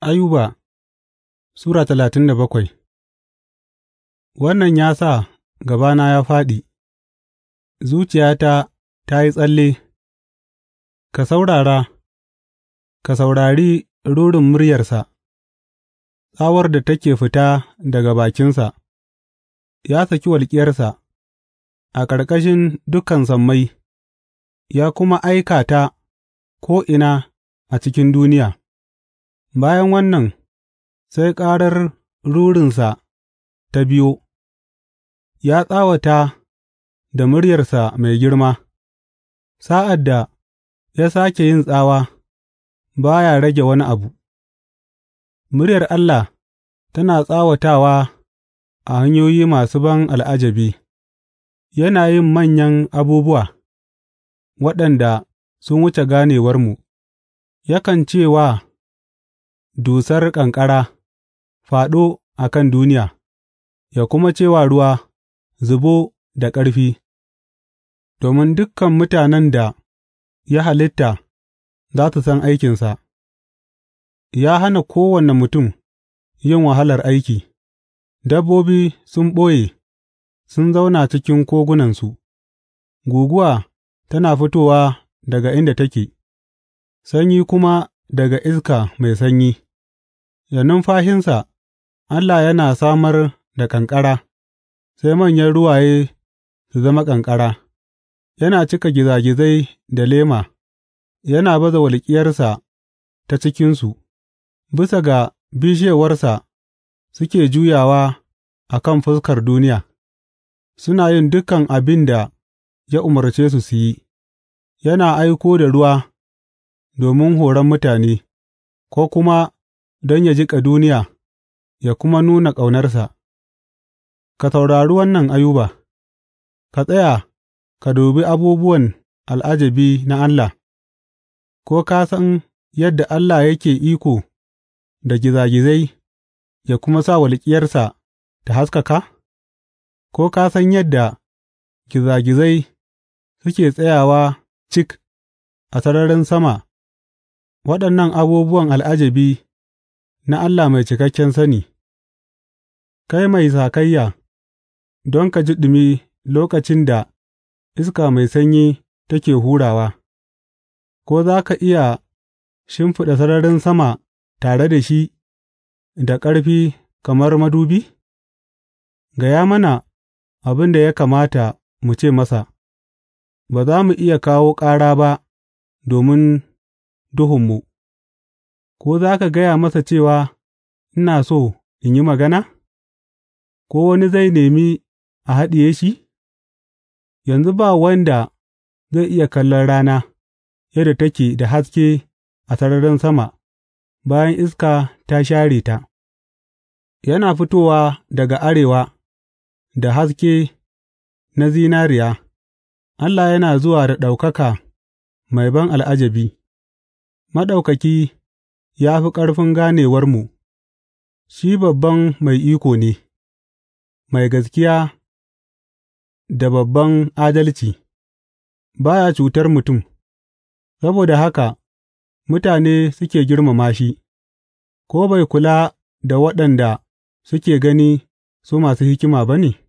Ayuba Sura talatin da bakwai Wannan ya sa gabana ya fāɗi, zuciyata ta yi tsalle, ka saurara, ka saurari rurin muryarsa, tsawar da take fita daga bakinsa, ya saki walƙiyarsa a ƙarƙashin dukan sammai, ya kuma aikata ko'ina a cikin duniya. Bayan wannan, sai ƙarar rurinsa ta biyo, ya tsawata da muryarsa mai girma; sa'ad da ya sake yin tsawa, ba ya rage wani abu, muryar Allah tana tsawatawa a hanyoyi masu ban al'ajabi, yana yin manyan abubuwa waɗanda sun wuce ganewarmu, yakan ce wa dusar ƙanƙara, Faɗo a kan duniya, ya kuma ce wa ruwa, Zubo da ƙarfi, domin dukan mutanen da ya halitta za su san aikinsa, ya hana kowane mutum yin wahalar aiki, dabbobi sun ɓoye, sun zauna cikin kogunansu, guguwa tana fitowa daga inda take, sanyi kuma daga iska mai sanyi. Da numfashinsa Allah yana samar da ƙanƙara, sai manyan ruwaye su zama ƙanƙara; yana cika gizagizai da lema yana baza walƙiyarsa ta cikinsu, bisa ga bishewarsa suke juyawa a kan fuskar duniya, suna yin dukan abin da ya umarce su su yi, yana aiko da ruwa domin horon mutane, ko kuma don yă jiƙa duniya ya kuma nuna ƙaunarsa, ka saurari wannan Ayuba, ka tsaya ka dubi abubuwan al'ajabi na Allah, ko ka san yadda Allah yake iko da gizagizai ya kuma sa walƙiyarsa ta haskaka? Ko ka san yadda gizagizai suke tsayawa cik a sararin sama, waɗannan abubuwan al'ajabi na Allah mai cikakken sani, kai mai sakayya don ka ji ɗumi lokacin da iska mai sanyi take hurawa, ko za ka iya shimfiɗa sararin sama tare da shi da ƙarfi kamar madubi? Gaya mana abin da ya kamata mu ce masa, ba za mu iya kawo ƙara ba domin duhunmu. ko za ka gaya masa cewa, Ina so in yi magana’? Ko wani zai nemi a haɗiye shi? Yanzu ba wanda zai iya kallon rana yadda take da haske a sararin sama bayan iska ta share ta, yana fitowa daga arewa da haske na zinariya, Allah yana zuwa da ɗaukaka mai ban al'ajabi, Maɗaukaki ya fi ƙarfin ganewarmu, shi babban mai iko ne, mai gaskiya da babban adalci, ba ya cutar mutum, saboda haka mutane suke girmama shi, ko bai kula da waɗanda suke gani su masu hikima ba ne?